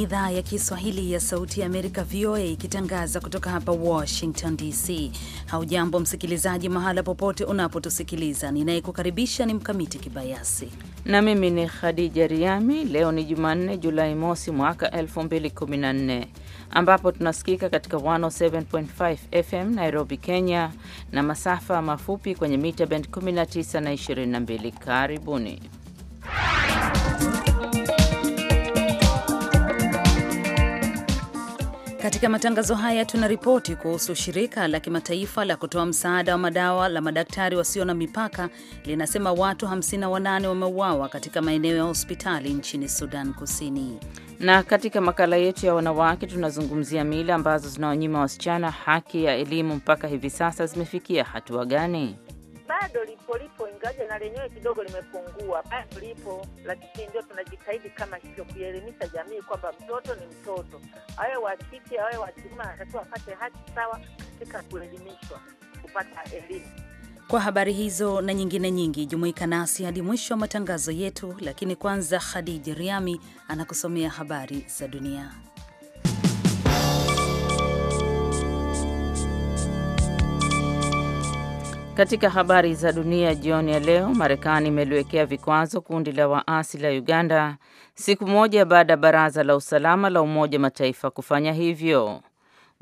idhaa ya Kiswahili ya Sauti ya Amerika, VOA, ikitangaza kutoka hapa Washington DC. Haujambo msikilizaji, mahala popote unapotusikiliza. Ninayekukaribisha ni Mkamiti Kibayasi na mimi ni Khadija Riami. Leo ni Jumanne, Julai mosi mwaka 2014 ambapo tunasikika katika 107.5 FM Nairobi, Kenya, na masafa mafupi kwenye mita bend 19 na 22. Karibuni Katika matangazo haya tuna ripoti kuhusu shirika la kimataifa la kutoa msaada wa madawa la madaktari wasio na mipaka linasema watu 58 wameuawa katika maeneo ya hospitali nchini Sudan Kusini. Na katika makala yetu ya wanawake tunazungumzia mila ambazo zinawanyima wasichana haki ya elimu mpaka hivi sasa zimefikia hatua gani? bado lipo lipo, ingaje na lenyewe kidogo limepungua, bado lipo, lakini ndio tunajitahidi kama hivyo kuelimisha jamii kwamba mtoto ni mtoto, awe wa kike awe wa kiume, anatakiwa apate haki sawa katika kuelimishwa, kupata elimu. Kwa habari hizo na nyingine nyingi, jumuika nasi hadi mwisho wa matangazo yetu, lakini kwanza, Khadija Riami anakusomea habari za dunia. Katika habari za dunia jioni ya leo, Marekani imeliwekea vikwazo kundi la waasi la Uganda siku moja baada ya baraza la usalama la Umoja Mataifa kufanya hivyo.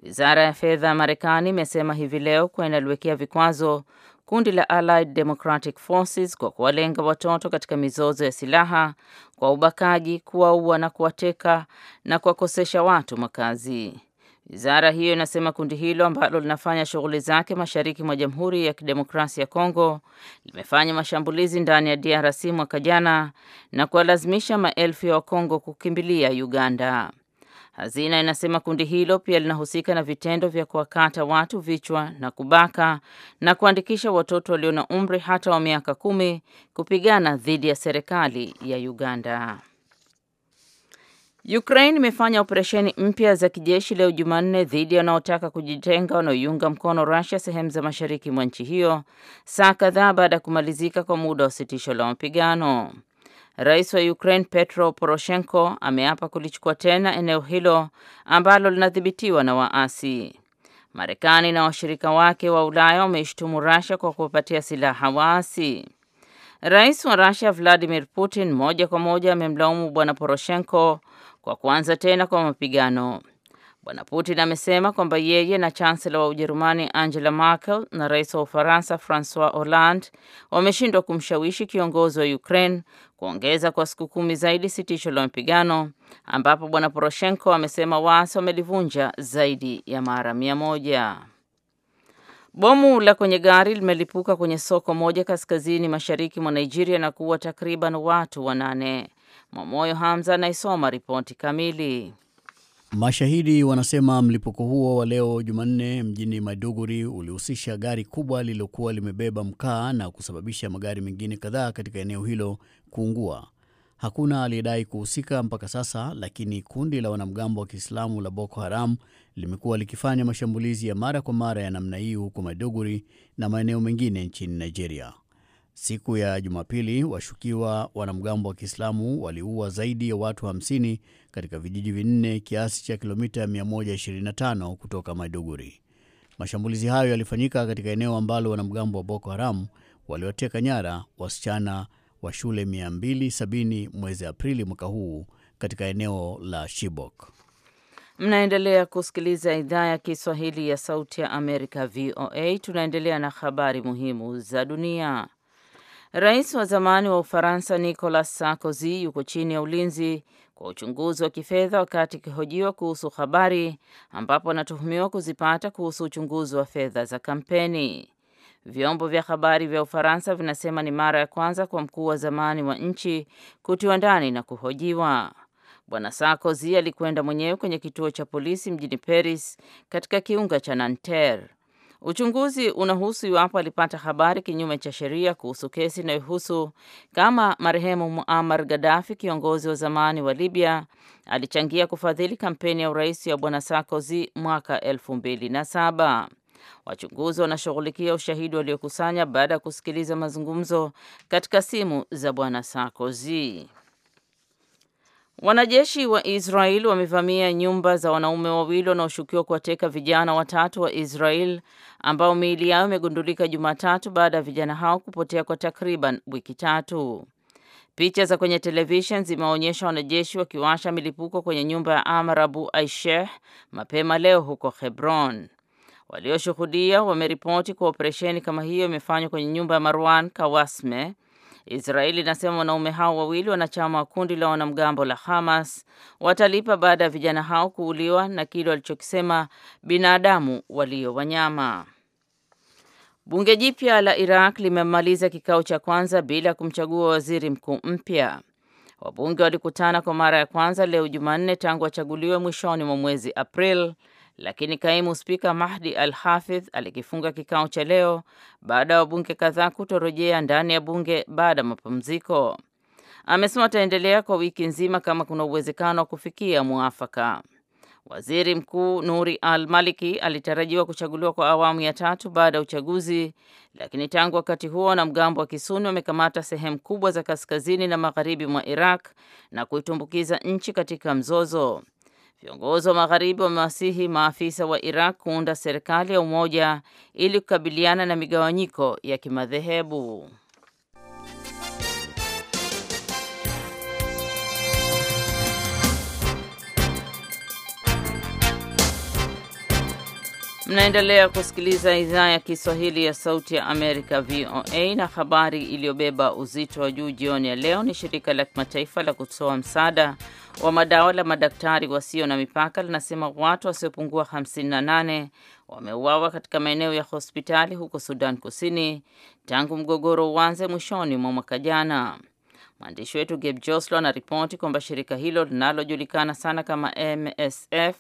Wizara ya fedha ya Marekani imesema hivi leo kuwa inaliwekea vikwazo kundi la Allied Democratic Forces kwa kuwalenga watoto katika mizozo ya silaha, kwa ubakaji, kuwaua na kuwateka na kuwakosesha watu makazi. Wizara hiyo inasema kundi hilo ambalo linafanya shughuli zake mashariki mwa Jamhuri ya Kidemokrasia ya Kongo limefanya mashambulizi ndani ya DRC mwaka jana na kuwalazimisha maelfu ya Wakongo kukimbilia Uganda. Hazina inasema kundi hilo pia linahusika na vitendo vya kuwakata watu vichwa na kubaka na kuandikisha watoto walio na umri hata wa miaka kumi kupigana dhidi ya serikali ya Uganda. Ukraine imefanya operesheni mpya za kijeshi leo Jumanne dhidi ya wanaotaka kujitenga wanaoiunga mkono Russia sehemu za mashariki mwa nchi hiyo, saa kadhaa baada ya kumalizika kwa muda wa sitisho la mapigano. Rais wa Ukraine Petro Poroshenko ameapa kulichukua tena eneo hilo ambalo linadhibitiwa na waasi. Marekani na washirika wake wa Ulaya wameishtumu Russia kwa kuwapatia silaha waasi. Rais wa Russia Vladimir Putin moja kwa moja amemlaumu Bwana Poroshenko kwa kuanza tena kwa mapigano. Bwana Putin amesema kwamba yeye na chansela wa Ujerumani Angela Merkel na rais wa Ufaransa Francois Hollande wameshindwa kumshawishi kiongozi wa Ukraine kuongeza kwa siku kumi zaidi sitisho la mapigano, ambapo Bwana Poroshenko amesema waasi wamelivunja zaidi ya mara mia moja. Bomu la kwenye gari limelipuka kwenye soko moja kaskazini mashariki mwa Nigeria na kuua takriban watu wanane. Mwamoyo Hamza anaisoma ripoti kamili. Mashahidi wanasema mlipuko huo wa leo Jumanne mjini Maiduguri ulihusisha gari kubwa lililokuwa limebeba mkaa na kusababisha magari mengine kadhaa katika eneo hilo kuungua. Hakuna aliyedai kuhusika mpaka sasa, lakini kundi la wanamgambo wa Kiislamu la Boko Haram limekuwa likifanya mashambulizi ya mara kwa mara ya namna hii huko Maiduguri na maeneo mengine nchini Nigeria. Siku ya Jumapili, washukiwa wanamgambo wa Kiislamu waliua zaidi ya watu 50 wa katika vijiji vinne kiasi cha kilomita 125 kutoka Maiduguri. Mashambulizi hayo yalifanyika katika eneo ambalo wanamgambo wa Boko Haram walioteka nyara wasichana wa shule 270 mwezi Aprili mwaka huu katika eneo la Shibok. Mnaendelea kusikiliza idhaa ya Kiswahili ya Sauti ya Amerika, VOA. Tunaendelea na habari muhimu za dunia. Rais wa zamani wa Ufaransa Nicolas Sarkozy yuko chini ya ulinzi kwa uchunguzi wa kifedha wakati akihojiwa kuhusu habari ambapo anatuhumiwa kuzipata kuhusu uchunguzi wa fedha za kampeni. Vyombo vya habari vya Ufaransa vinasema ni mara ya kwanza kwa mkuu wa zamani wa nchi kutiwa ndani na kuhojiwa. Bwana Sarkozy alikwenda mwenyewe kwenye kituo cha polisi mjini Paris katika kiunga cha Nanterre. Uchunguzi unahusu iwapo alipata habari kinyume cha sheria kuhusu kesi inayohusu kama marehemu Muammar Gaddafi, kiongozi wa zamani wa Libya, alichangia kufadhili kampeni ya urais ya bwana Sarkozy mwaka elfu mbili na saba. Wachunguzi wanashughulikia ushahidi waliokusanya baada ya kusikiliza mazungumzo katika simu za bwana Sarkozy. Wanajeshi wa Israel wamevamia nyumba za wanaume wawili wanaoshukiwa kuwateka vijana watatu wa Israel ambao miili yao imegundulika Jumatatu baada ya vijana hao kupotea kwa takriban wiki tatu. Picha za kwenye televishen zimeonyesha wanajeshi wakiwasha milipuko kwenye nyumba ya Amar Abu Aisheh mapema leo huko Hebron. Walioshuhudia wameripoti kuwa operesheni kama hiyo imefanywa kwenye nyumba ya Marwan Kawasme Israeli inasema wanaume hao wawili wanachama wa kundi la wanamgambo la Hamas watalipa baada ya vijana hao kuuliwa na kile walichokisema binadamu walio wanyama. Bunge jipya la Iraq limemaliza kikao cha kwanza bila kumchagua waziri mkuu mpya. Wabunge walikutana kwa mara ya kwanza leo Jumanne tangu wachaguliwe mwishoni mwa mwezi April lakini kaimu spika Mahdi Al Hafidh alikifunga kikao cha leo baada ya wabunge kadhaa kutorejea ndani ya bunge baada ya mapumziko. Amesema ataendelea kwa wiki nzima kama kuna uwezekano wa kufikia mwafaka. Waziri Mkuu Nuri Al Maliki alitarajiwa kuchaguliwa kwa awamu ya tatu baada ya uchaguzi, lakini tangu wakati huo wanamgambo wa Kisuni wamekamata sehemu kubwa za kaskazini na magharibi mwa Iraq na kuitumbukiza nchi katika mzozo. Viongozi wa Magharibi wamewasihi maafisa wa Iraq kuunda serikali ya umoja ili kukabiliana na migawanyiko ya kimadhehebu. Mnaendelea kusikiliza idhaa ya Kiswahili ya Sauti ya Amerika, VOA, na habari iliyobeba uzito wa juu jioni ya leo ni shirika la kimataifa la kutoa msaada wa madawa la Madaktari Wasio na Mipaka linasema watu wasiopungua 58 wameuawa katika maeneo ya hospitali huko Sudan Kusini tangu mgogoro uanze mwishoni mwa mwaka jana. Mwandishi wetu Gabe Joslo anaripoti kwamba shirika hilo linalojulikana sana kama MSF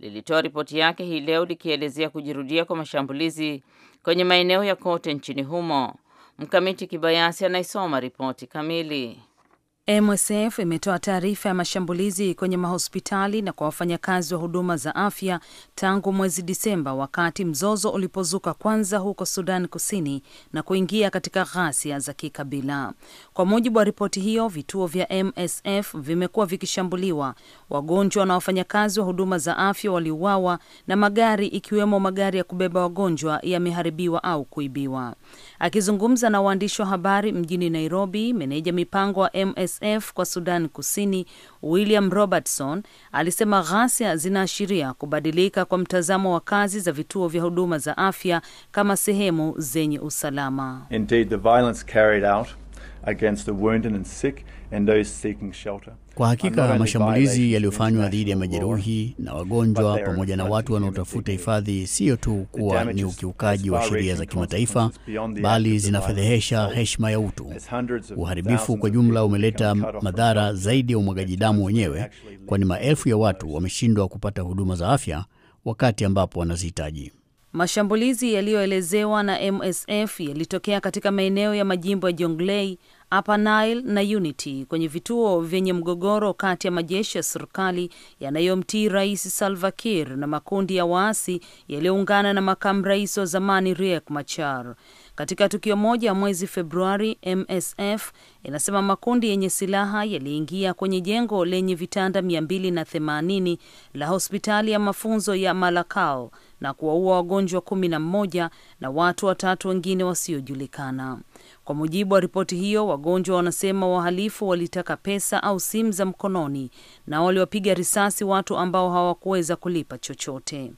lilitoa ripoti yake hii leo likielezea kujirudia kwa mashambulizi kwenye maeneo ya kote nchini humo. Mkamiti Kibayasi anaisoma ripoti kamili. MSF imetoa taarifa ya mashambulizi kwenye mahospitali na kwa wafanyakazi wa huduma za afya tangu mwezi Disemba, wakati mzozo ulipozuka kwanza huko Sudan Kusini na kuingia katika ghasia za kikabila. Kwa mujibu wa ripoti hiyo, vituo vya MSF vimekuwa vikishambuliwa, wagonjwa na wafanyakazi wa huduma za afya waliuawa, na magari ikiwemo magari ya kubeba wagonjwa yameharibiwa au kuibiwa. Akizungumza na waandishi wa habari mjini Nairobi, meneja mipango wa MSF kwa Sudan Kusini William Robertson alisema ghasia zinaashiria kubadilika kwa mtazamo wa kazi za vituo vya huduma za afya kama sehemu zenye usalama. Indeed, the violence carried out against the wounded and sick kwa hakika mashambulizi yaliyofanywa dhidi ya majeruhi na wagonjwa pamoja na watu wanaotafuta hifadhi siyo tu kuwa ni ukiukaji wa sheria za kimataifa, bali zinafedhehesha heshima ya utu. Uharibifu kwa jumla umeleta madhara zaidi ya umwagaji damu wenyewe, kwani maelfu ya watu wameshindwa kupata huduma za afya wakati ambapo wanazihitaji. Mashambulizi yaliyoelezewa na MSF yalitokea katika maeneo ya majimbo ya Jonglei Upper Nile na Unity kwenye vituo vyenye mgogoro kati ya majeshi ya serikali yanayomtii Rais Salva Kiir na makundi ya waasi yaliyoungana na makamu rais wa zamani Riek Machar. Katika tukio moja mwezi Februari, MSF inasema makundi yenye silaha yaliingia kwenye jengo lenye vitanda 280 la hospitali ya mafunzo ya Malakal na kuwaua wagonjwa 11 na na watu watatu wengine wasiojulikana. Kwa mujibu wa ripoti hiyo, wagonjwa wanasema wahalifu walitaka pesa au simu za mkononi na waliwapiga risasi watu ambao hawakuweza kulipa chochote.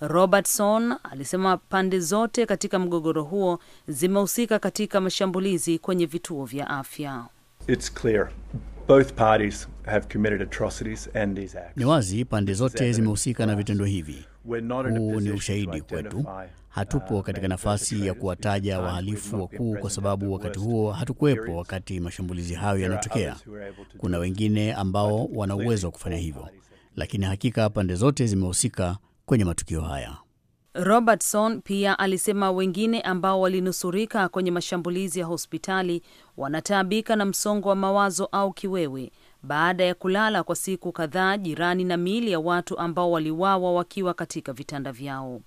Robertson alisema pande zote katika mgogoro huo zimehusika katika mashambulizi kwenye vituo vya afya. It's clear. Both parties have committed atrocities and these acts. Ni wazi pande zote zimehusika na vitendo hivi. Huu ni ushahidi kwetu hatupo uh, katika nafasi ya kuwataja wahalifu wakuu kwa sababu wakati huo hatukuwepo wakati mashambulizi hayo yanatokea. Kuna wengine ambao wana uwezo wa kufanya hivyo, lakini hakika pande zote zimehusika kwenye matukio haya. Robertson pia alisema wengine ambao walinusurika kwenye mashambulizi ya hospitali wanataabika na msongo wa mawazo au kiwewe baada ya kulala kwa siku kadhaa jirani na miili ya watu ambao waliwawa wakiwa katika vitanda vyao.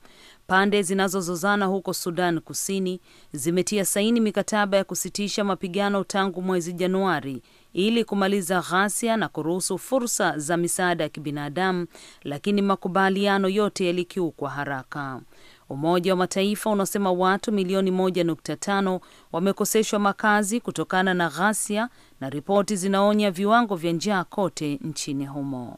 Pande zinazozozana huko Sudan Kusini zimetia saini mikataba ya kusitisha mapigano tangu mwezi Januari ili kumaliza ghasia na kuruhusu fursa za misaada ya kibinadamu, lakini makubaliano yote yalikiukwa haraka. Umoja wa Mataifa unasema watu milioni 1.5 wamekoseshwa makazi kutokana na ghasia na ripoti zinaonya viwango vya njaa kote nchini humo.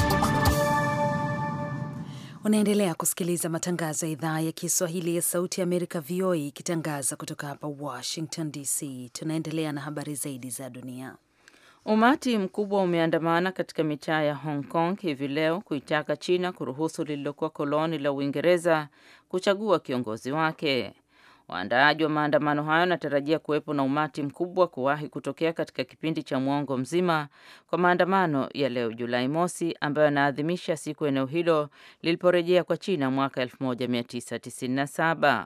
Unaendelea kusikiliza matangazo ya idhaa ya Kiswahili ya Sauti ya Amerika, VOA, ikitangaza kutoka hapa Washington DC. Tunaendelea na habari zaidi za dunia. Umati mkubwa umeandamana katika mitaa ya Hong Kong hivi leo kuitaka China kuruhusu lililokuwa koloni la Uingereza kuchagua kiongozi wake. Waandaaji wa maandamano hayo wanatarajia kuwepo na umati mkubwa kuwahi kutokea katika kipindi cha mwongo mzima kwa maandamano ya leo Julai mosi ambayo yanaadhimisha siku eneo hilo liliporejea kwa China mwaka 1997.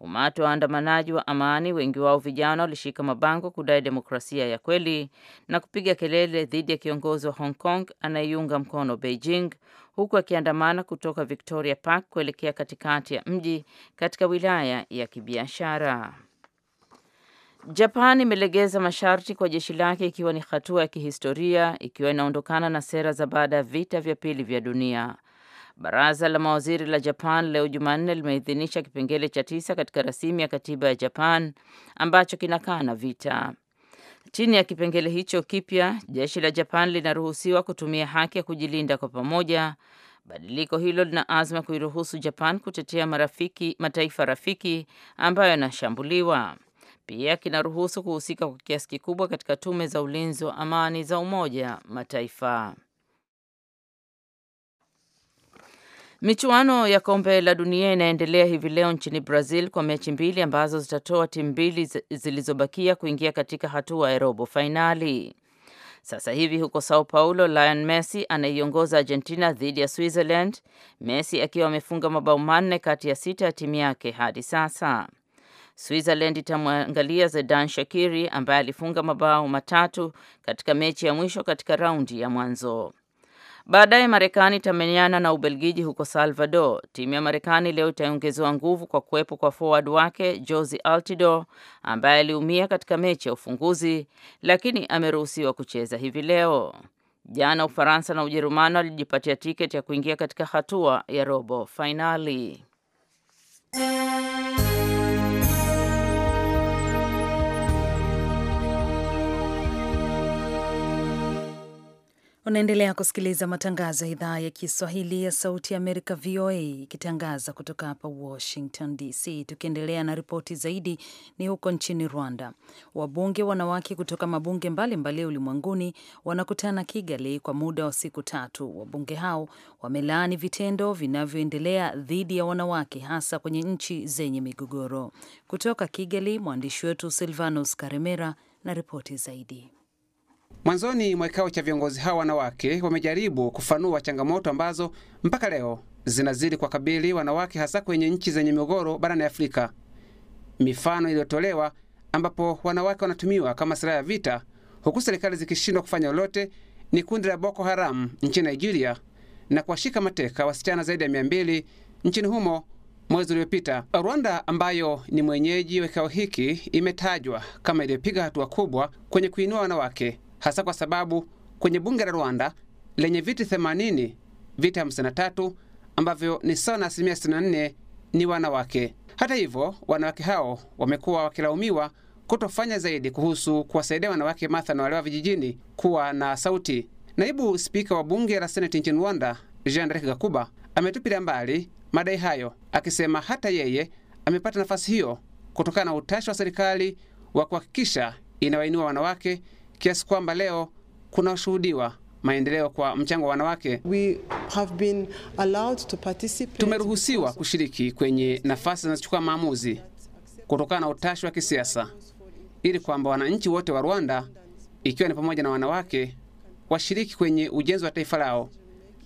Umati wa waandamanaji wa amani, wengi wao vijana, walishika mabango kudai demokrasia ya kweli na kupiga kelele dhidi ya kiongozi wa Hong Kong anayeiunga mkono Beijing huku akiandamana kutoka Victoria Park kuelekea katikati ya mji katika wilaya ya kibiashara. Japan imelegeza masharti kwa jeshi lake ikiwa ni hatua ya kihistoria ikiwa inaondokana na sera za baada ya vita vya pili vya dunia. Baraza la mawaziri la Japan leo Jumanne limeidhinisha kipengele cha tisa katika rasimu ya katiba ya Japan ambacho kinakana vita. Chini ya kipengele hicho kipya, jeshi la Japan linaruhusiwa kutumia haki ya kujilinda kwa pamoja. Badiliko hilo lina azma kuiruhusu Japan kutetea marafiki, mataifa rafiki ambayo yanashambuliwa. Pia kinaruhusu kuhusika kwa kiasi kikubwa katika tume za ulinzi wa amani za Umoja Mataifa. Michuano ya kombe la dunia inaendelea hivi leo nchini Brazil kwa mechi mbili ambazo zitatoa timu mbili zilizobakia kuingia katika hatua ya robo fainali. Sasa hivi huko Sao Paulo, Lionel Messi anaiongoza Argentina dhidi ya Switzerland, Messi akiwa amefunga mabao manne kati ya sita ya timu yake hadi sasa. Switzerland itamwangalia Zedan Shakiri ambaye alifunga mabao matatu katika mechi ya mwisho katika raundi ya mwanzo. Baadaye Marekani itamenyana na Ubelgiji huko Salvador. Timu ya Marekani leo itaongezewa nguvu kwa kuwepo kwa forward wake Josi Altido ambaye aliumia katika mechi ya ufunguzi, lakini ameruhusiwa kucheza hivi leo. Jana Ufaransa na Ujerumani walijipatia tiketi ya kuingia katika hatua ya robo fainali. Unaendelea kusikiliza matangazo ya idhaa ya Kiswahili ya Sauti ya Amerika, VOA, ikitangaza kutoka hapa Washington DC. Tukiendelea na ripoti zaidi, ni huko nchini Rwanda, wabunge wanawake kutoka mabunge mbalimbali ulimwenguni wanakutana Kigali kwa muda wa siku tatu. Wabunge hao wamelaani vitendo vinavyoendelea dhidi ya wanawake, hasa kwenye nchi zenye migogoro. Kutoka Kigali, mwandishi wetu Silvanus Karemera na ripoti zaidi. Mwanzoni mwa kikao cha viongozi hao wanawake wamejaribu kufanua changamoto ambazo mpaka leo zinazidi kuwakabili wanawake hasa kwenye nchi zenye migogoro barani Afrika. Mifano iliyotolewa ambapo wanawake wanatumiwa kama silaha ya vita huku serikali zikishindwa kufanya lolote ni kundi la Boko Haram nchini Nigeria na kuwashika mateka wasichana zaidi ya mia mbili nchini humo mwezi uliopita. Rwanda ambayo ni mwenyeji wa kikao hiki imetajwa kama iliyopiga hatua kubwa kwenye kuinua wanawake hasa kwa sababu kwenye bunge la Rwanda lenye viti 80 viti 53 ambavyo ni sawa na asilimia 64 ni wanawake. Hata hivyo, wanawake hao wamekuwa wakilaumiwa kutofanya zaidi kuhusu kuwasaidia wanawake matha na vijijini kuwa na sauti. Naibu spika wa bunge la seneti nchini Rwanda Jean Derek Gakuba ametupilia mbali madai hayo, akisema hata yeye amepata nafasi hiyo kutokana na utashi wa serikali wa kuhakikisha inawainua wanawake kiasi kwamba leo kunashuhudiwa maendeleo kwa mchango wa wanawake. We have been allowed to participate. Tumeruhusiwa kushiriki kwenye nafasi zinazochukua maamuzi kutokana na utashi wa kisiasa, ili kwamba wananchi wote wa Rwanda, ikiwa ni pamoja na wanawake, washiriki kwenye ujenzi wa taifa lao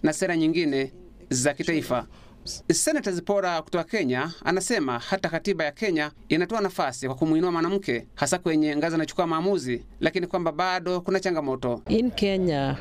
na sera nyingine za kitaifa. Jobs. Senator Zipora kutoka Kenya anasema hata katiba ya Kenya inatoa nafasi kwa kumwinua mwanamke hasa kwenye ngazi anachukua maamuzi, lakini kwamba bado kuna changamoto. In Kenya,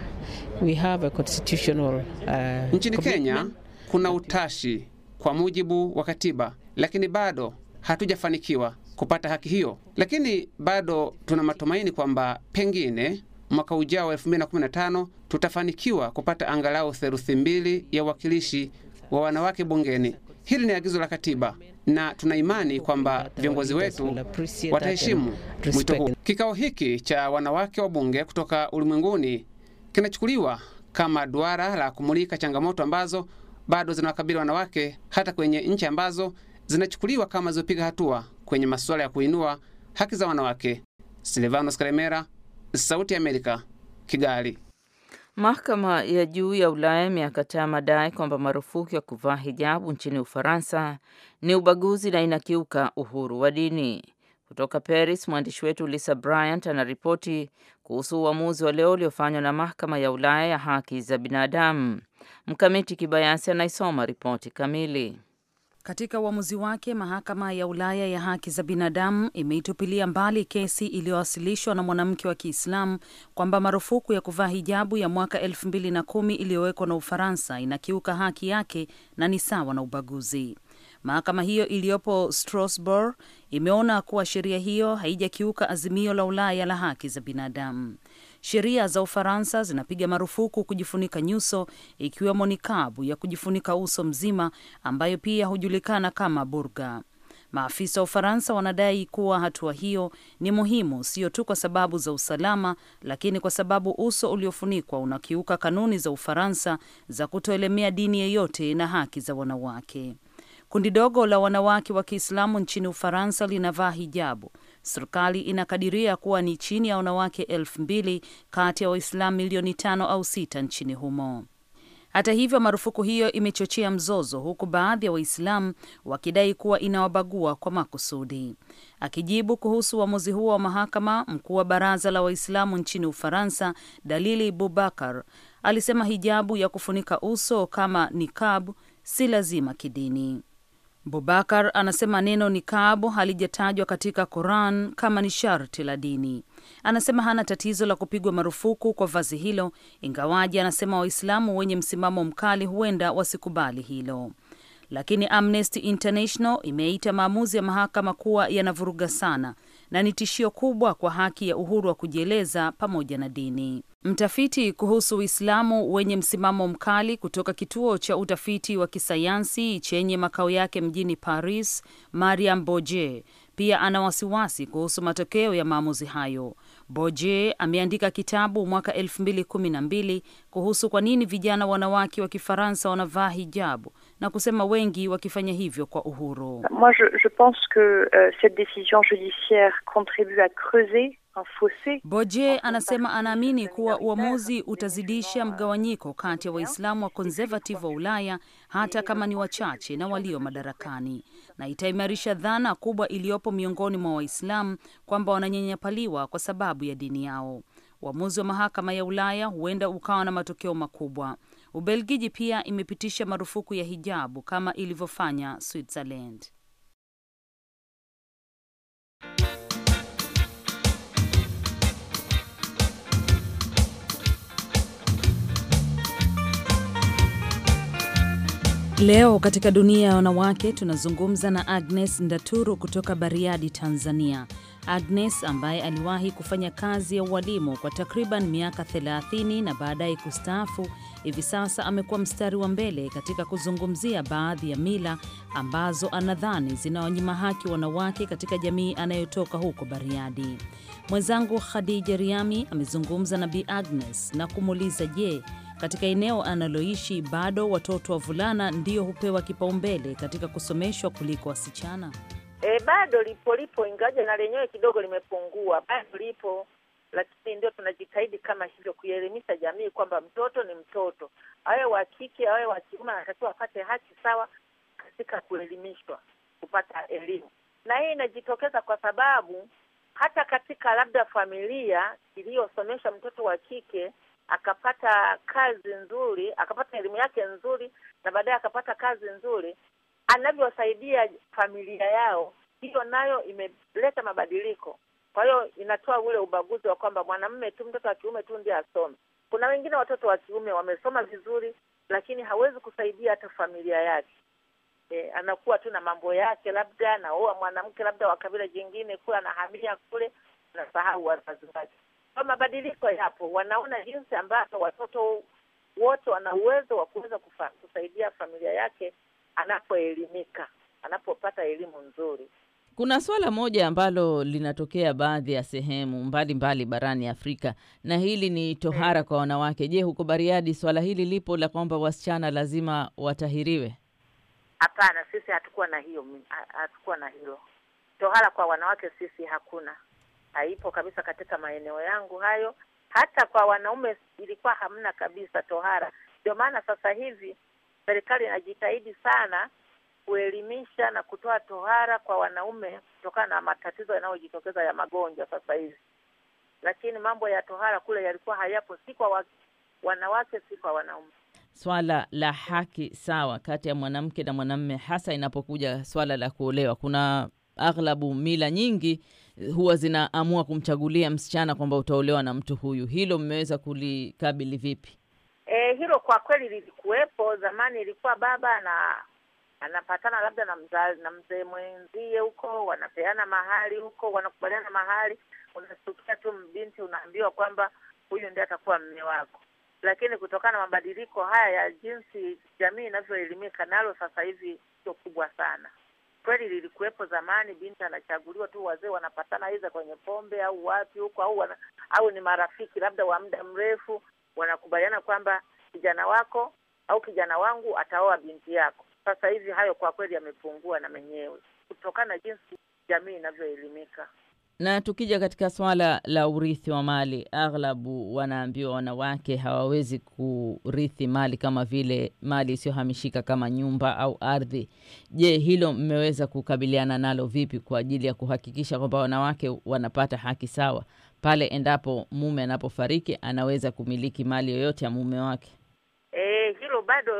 we have a constitutional, uh, nchini Kenya kuna utashi kwa mujibu wa katiba, lakini bado hatujafanikiwa kupata haki hiyo, lakini bado tuna matumaini kwamba pengine mwaka ujao 2015 tutafanikiwa kupata angalau theluthi mbili ya uwakilishi wa wanawake bungeni. Hili ni agizo la katiba na tuna imani kwamba viongozi wetu wataheshimu mwito huu. Kikao hiki cha wanawake wa bunge kutoka ulimwenguni kinachukuliwa kama duara la kumulika changamoto ambazo bado zinawakabili wanawake hata kwenye nchi ambazo zinachukuliwa kama zilizopiga hatua kwenye masuala ya kuinua haki za wanawake. Silvanos Karemera, Sauti ya Amerika, Kigali. Mahakama ya juu ya Ulaya imeakataa madai kwamba marufuku ya kuvaa hijabu nchini Ufaransa ni ubaguzi na inakiuka uhuru wa dini. Kutoka Paris, mwandishi wetu Lisa Bryant anaripoti kuhusu uamuzi wa leo uliofanywa na Mahakama ya Ulaya ya Haki za Binadamu. Mkamiti Kibayasi anaisoma ripoti kamili. Katika uamuzi wake, mahakama ya Ulaya ya haki za binadamu imeitupilia mbali kesi iliyowasilishwa na mwanamke wa Kiislamu kwamba marufuku ya kuvaa hijabu ya mwaka elfu mbili na kumi iliyowekwa na Ufaransa inakiuka haki yake na ni sawa na ubaguzi. Mahakama hiyo iliyopo Strasbourg imeona kuwa sheria hiyo haijakiuka azimio la Ulaya la haki za binadamu. Sheria za Ufaransa zinapiga marufuku kujifunika nyuso, ikiwemo nikabu ya kujifunika uso mzima ambayo pia hujulikana kama burga. Maafisa wa Ufaransa wanadai kuwa hatua hiyo ni muhimu sio tu kwa sababu za usalama, lakini kwa sababu uso uliofunikwa unakiuka kanuni za Ufaransa za kutoelemea dini yeyote na haki za wanawake. Kundi dogo la wanawake wa Kiislamu nchini Ufaransa linavaa hijabu Serikali inakadiria kuwa ni chini ya wanawake elfu mbili kati ya Waislamu milioni tano au sita nchini humo. Hata hivyo, marufuku hiyo imechochea mzozo, huku baadhi ya wa Waislamu wakidai kuwa inawabagua kwa makusudi. Akijibu kuhusu uamuzi huo wa mahakama, mkuu wa baraza la Waislamu nchini Ufaransa, Dalili Bubakar, alisema hijabu ya kufunika uso kama nikabu si lazima kidini. Bubakar anasema neno nikabu halijatajwa katika Quran kama ni sharti la dini. Anasema hana tatizo la kupigwa marufuku kwa vazi hilo, ingawaji anasema Waislamu wenye msimamo mkali huenda wasikubali hilo. Lakini Amnesty International imeita maamuzi ya mahakama kuwa yanavuruga sana na ni tishio kubwa kwa haki ya uhuru wa kujieleza pamoja na dini. Mtafiti kuhusu Uislamu wenye msimamo mkali kutoka kituo cha utafiti wa kisayansi chenye makao yake mjini Paris, Mariam Boje pia ana wasiwasi kuhusu matokeo ya maamuzi hayo. Boje ameandika kitabu mwaka elfu mbili kumi na mbili kuhusu kwa nini vijana wanawake wa Kifaransa wanavaa hijabu na kusema wengi wakifanya hivyo kwa uhuru. Moi je, je pense que uh, cette decision judiciaire contribue a creuser Boje anasema anaamini kuwa uamuzi utazidisha mgawanyiko kati ya Waislamu wa konservative wa Ulaya, hata kama ni wachache na walio madarakani, na itaimarisha dhana kubwa iliyopo miongoni mwa Waislamu kwamba wananyanyapaliwa kwa sababu ya dini yao. Uamuzi wa mahakama ya Ulaya huenda ukawa na matokeo makubwa. Ubelgiji pia imepitisha marufuku ya hijabu kama ilivyofanya Switzerland. Leo katika dunia ya wanawake tunazungumza na Agnes Ndaturu kutoka Bariadi, Tanzania. Agnes ambaye aliwahi kufanya kazi ya ualimu kwa takriban miaka 30 na baadaye kustaafu, hivi sasa amekuwa mstari wa mbele katika kuzungumzia baadhi ya mila ambazo anadhani zinawanyima haki wanawake katika jamii anayotoka huko Bariadi. Mwenzangu Khadija Riami amezungumza na Bi Agnes na kumuuliza je, katika eneo analoishi bado watoto wa vulana ndio hupewa kipaumbele katika kusomeshwa kuliko wasichana? E, bado lipo lipo, ingaja na lenyewe kidogo limepungua, bado lipo lakini ndio tunajitahidi kama hivyo kuielimisha jamii kwamba mtoto ni mtoto, awe wa kike awe wa kiume, anatakiwa apate haki sawa katika kuelimishwa, kupata elimu. Na hii inajitokeza kwa sababu hata katika labda familia iliyosomesha mtoto wa kike akapata kazi nzuri, akapata elimu yake nzuri, na baadaye akapata kazi nzuri, anavyosaidia familia yao, hiyo nayo imeleta mabadiliko. Kwa hiyo inatoa ule ubaguzi wa kwamba mwanamume tu, mtoto wa kiume tu ndiye asome. Kuna wengine watoto wa kiume wamesoma vizuri, lakini hawezi kusaidia hata familia yake. E, anakuwa tu na mambo yake, labda anaoa mwanamke labda wa kabila jingine kule, anahamia kule, anasahau wazazi wake. Kwa mabadiliko yapo, wanaona jinsi ambavyo watoto wote wana uwezo wa kuweza kusaidia familia yake anapoelimika, anapopata elimu nzuri. Kuna swala moja ambalo linatokea baadhi ya sehemu mbalimbali mbali barani Afrika, na hili ni tohara kwa wanawake. Je, huko Bariadi swala hili lipo la kwamba wasichana lazima watahiriwe? Hapana, sisi hatukuwa na hiyo, hatukuwa na hilo. Tohara kwa wanawake sisi hakuna, haipo kabisa katika maeneo yangu hayo. Hata kwa wanaume ilikuwa hamna kabisa tohara. Ndio maana sasa hivi serikali inajitahidi sana kuelimisha na kutoa tohara kwa wanaume kutokana na matatizo yanayojitokeza ya magonjwa sasa hivi, lakini mambo ya tohara kule yalikuwa hayapo, si kwa wanawake, si kwa wanaume. Swala la haki sawa kati ya mwanamke na mwanamume, hasa inapokuja swala la kuolewa, kuna aghlabu mila nyingi huwa zinaamua kumchagulia msichana kwamba utaolewa na mtu huyu. Hilo mmeweza kulikabili vipi? E, hilo kwa kweli lilikuwepo zamani, ilikuwa baba na anapatana labda na mzazi na mzee mwenzie huko, wanapeana mahali huko, wanakubaliana mahali. Unasikia tu binti, unaambiwa kwamba huyu ndiye atakuwa mme wako. Lakini kutokana na mabadiliko haya ya jinsi jamii inavyoelimika, nalo sasa hivi sio kubwa sana. Kweli lilikuwepo zamani, binti anachaguliwa tu, wazee wanapatana iza kwenye pombe au wapi huko, au wana, au ni marafiki labda wa muda mrefu, wanakubaliana kwamba kijana wako au kijana wangu ataoa binti yako sasa hivi hayo kwa kweli yamepungua na menyewe kutokana na jinsi jamii inavyoelimika. Na tukija katika swala la urithi wa mali, aghlabu wanaambiwa wanawake hawawezi kurithi mali kama vile mali isiyohamishika kama nyumba au ardhi. Je, hilo mmeweza kukabiliana nalo vipi kwa ajili ya kuhakikisha kwamba wanawake wanapata haki sawa pale endapo mume anapofariki anaweza kumiliki mali yoyote ya mume wake? E, hilo bado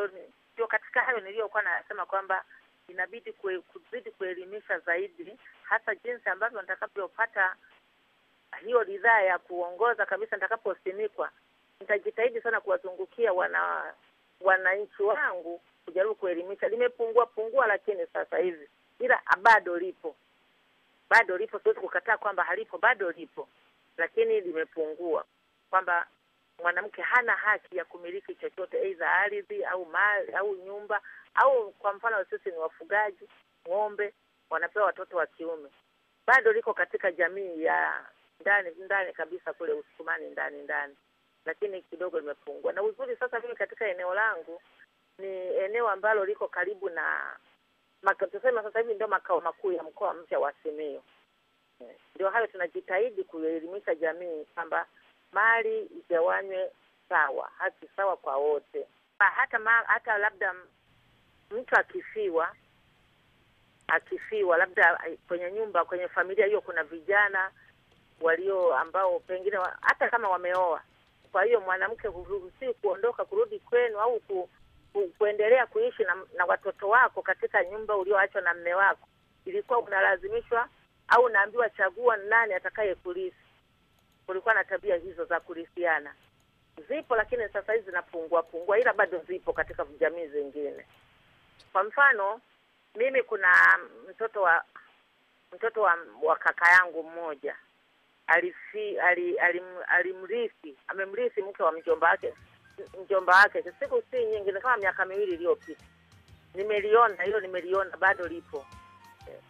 ndio katika hayo niliyokuwa nasema kwamba inabidi kwe, kuzidi kuelimisha zaidi, hasa jinsi ambavyo nitakavyopata hiyo ridhaa ya kuongoza kabisa, nitakaposimikwa, nitajitahidi sana kuwazungukia wana wananchi wangu kujaribu kuelimisha. Limepungua pungua, lakini sasa hivi, ila bado lipo, bado lipo. Siwezi kukataa kwamba halipo, bado lipo, lakini limepungua, kwamba mwanamke hana haki ya kumiliki chochote, aidha ardhi au mali au nyumba au kwa mfano sisi ni wafugaji ng'ombe, wanapewa watoto wa kiume. Bado liko katika jamii ya ndani ndani kabisa kule Usukumani ndani ndani, lakini kidogo limepungua. Na uzuri sasa, mimi katika eneo langu ni eneo ambalo liko karibu na tuseme, sasa hivi ndio makao makuu ya mkoa mpya wa Simiyu. Eh, ndio hayo tunajitahidi kuelimisha jamii kwamba mali igawanywe sawa, haki sawa kwa wote. Hata ma, hata labda mtu akifiwa akifiwa labda eh, kwenye nyumba, kwenye familia hiyo kuna vijana walio ambao pengine wa, hata kama wameoa. Kwa hiyo mwanamke huruhusiwi kuondoka kurudi kwenu au ku, ku, kuendelea kuishi na, na watoto wako katika nyumba ulioachwa na mme wako. Ilikuwa unalazimishwa au unaambiwa, chagua nani atakaye kulisi kulikuwa na tabia hizo za kurifiana. Zipo, lakini sasa hizi zinapungua pungua, ila bado zipo katika jamii zingine. Kwa mfano mimi, kuna mtoto wa mtoto wa, wa kaka yangu mmoja alifi ali, alim, alimrithi amemrithi mke wa mjomba wake mjomba wake, siku si nyingi, ni kama miaka miwili iliyopita. Nimeliona hilo, nimeliona bado lipo,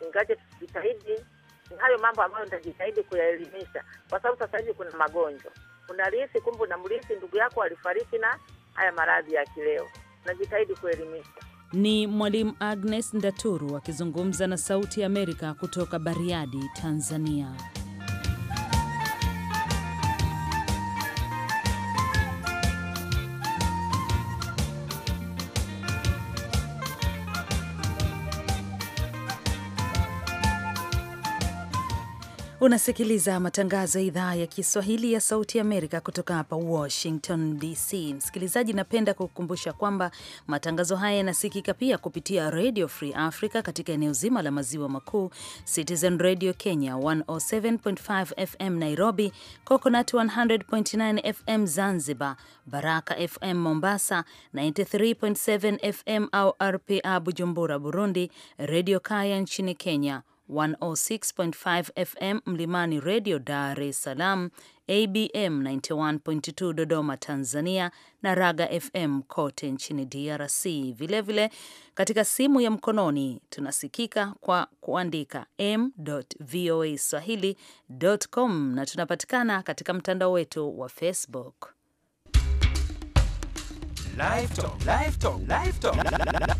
ingaje tujitahidi ni hayo mambo ambayo nitajitahidi kuyaelimisha, kwa sababu sasa hivi kuna magonjwa, unarithi, kumbe unamrithi ndugu yako alifariki na haya maradhi ya kileo. Najitahidi kuelimisha. Ni Mwalimu Agnes Ndaturu akizungumza na Sauti ya Amerika kutoka Bariadi, Tanzania. Unasikiliza matangazo ya idhaa ya Kiswahili ya Sauti ya Amerika kutoka hapa Washington DC. Msikilizaji, napenda kukukumbusha kwamba matangazo haya yanasikika pia kupitia Radio Free Africa katika eneo zima la maziwa makuu, Citizen Radio Kenya 107.5 FM Nairobi, Coconut 100.9 FM Zanzibar, Baraka FM Mombasa 93.7 FM au RPA Bujumbura, Burundi, Radio Kaya nchini Kenya 106.5 FM Mlimani Radio Dar es Salaam, ABM 91.2 Dodoma Tanzania na Raga FM kote nchini DRC. Vilevile vile, katika simu ya mkononi tunasikika kwa kuandika m.voaswahili.com na tunapatikana katika mtandao wetu wa Facebook.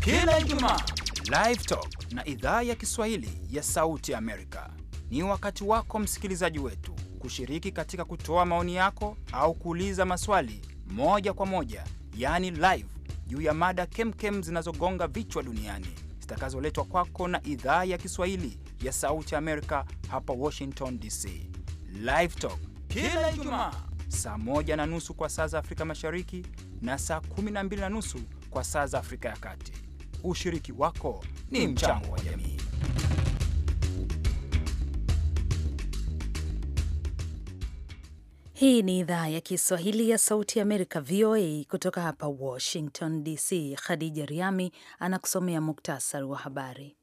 Kila Ijumaa Live na idhaa ya Kiswahili ya Sauti Amerika. Ni wakati wako msikilizaji wetu kushiriki katika kutoa maoni yako au kuuliza maswali moja kwa moja, yani live, juu ya mada kemkem zinazogonga vichwa duniani zitakazoletwa kwako na idhaa ya Kiswahili ya Sauti Amerika hapa Washington DC. livetok kila Ijumaa saa moja na nusu kwa saa za Afrika Mashariki na saa 12 na nusu kwa saa za Afrika ya Kati. Ushiriki wako ni mchango wa jamii. Hii ni idhaa ya Kiswahili ya Sauti ya Amerika, VOA, kutoka hapa Washington DC. Khadija Riami anakusomea muktasari wa habari.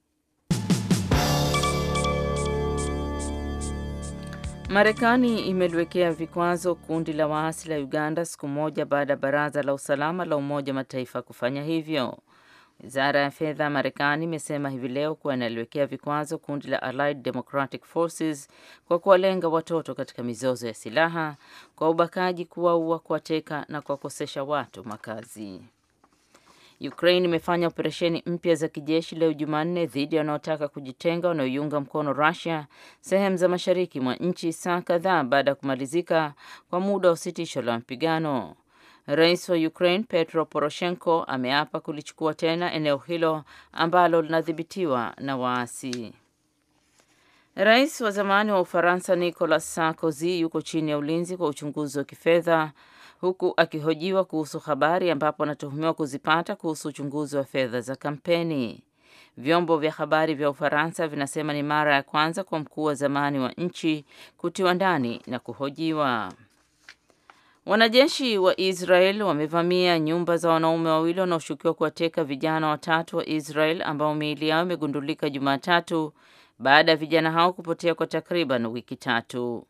Marekani imeliwekea vikwazo kundi la waasi la Uganda siku moja baada ya baraza la usalama la Umoja wa Mataifa kufanya hivyo. Wizara ya fedha ya Marekani imesema hivi leo kuwa inaliwekea vikwazo kundi la Allied Democratic Forces kwa kuwalenga watoto katika mizozo ya silaha, kwa ubakaji, kuwaua, kuwateka na kuwakosesha watu makazi. Ukraine imefanya operesheni mpya za kijeshi leo Jumanne dhidi ya wanaotaka kujitenga wanaoiunga mkono Russia sehemu za mashariki mwa nchi, saa kadhaa baada ya kumalizika kwa muda wa sitisho la mapigano. Rais wa Ukraine Petro Poroshenko ameapa kulichukua tena eneo hilo ambalo linadhibitiwa na waasi. Rais wa zamani wa Ufaransa Nicolas Sarkozy yuko chini ya ulinzi kwa uchunguzi wa kifedha huku akihojiwa kuhusu habari ambapo anatuhumiwa kuzipata kuhusu uchunguzi wa fedha za kampeni. Vyombo vya habari vya Ufaransa vinasema ni mara ya kwanza kwa mkuu wa zamani wa nchi kutiwa ndani na kuhojiwa. Wanajeshi wa Israel wamevamia nyumba za wanaume wawili wanaoshukiwa kuwateka vijana watatu wa Israel ambao miili yao imegundulika Jumatatu baada ya vijana hao kupotea kwa takriban wiki tatu.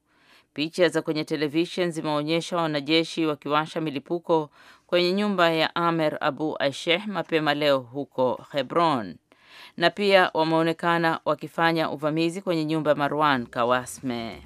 Picha za kwenye televishen zimeonyesha wanajeshi wakiwasha milipuko kwenye nyumba ya Amer Abu Aisheh mapema leo huko Hebron, na pia wameonekana wakifanya uvamizi kwenye nyumba ya Marwan Kawasme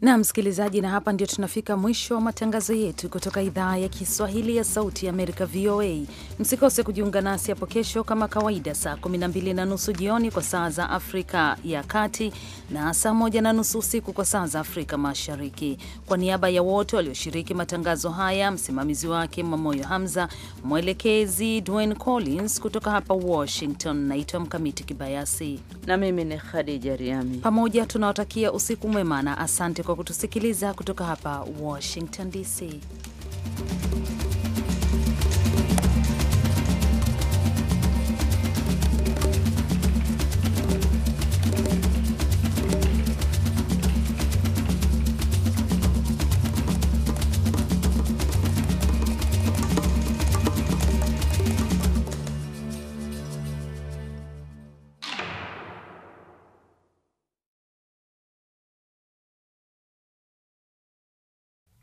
na msikilizaji, na hapa ndio tunafika mwisho wa matangazo yetu kutoka idhaa ya Kiswahili ya Sauti ya Amerika, VOA. Msikose kujiunga nasi hapo kesho kama kawaida, saa 12 na nusu jioni kwa saa za Afrika ya Kati na saa moja na nusu usiku kwa saa za Afrika Mashariki. Kwa niaba ya wote walioshiriki matangazo haya, msimamizi wake Mamoyo Hamza, mwelekezi Dwayne Collins, kutoka hapa Washington naitwa Mkamiti Kibayasi na mimi ni Khadija Riami. Pamoja tunawatakia usiku mwema na asante kwa kutusikiliza kutoka hapa Washington DC.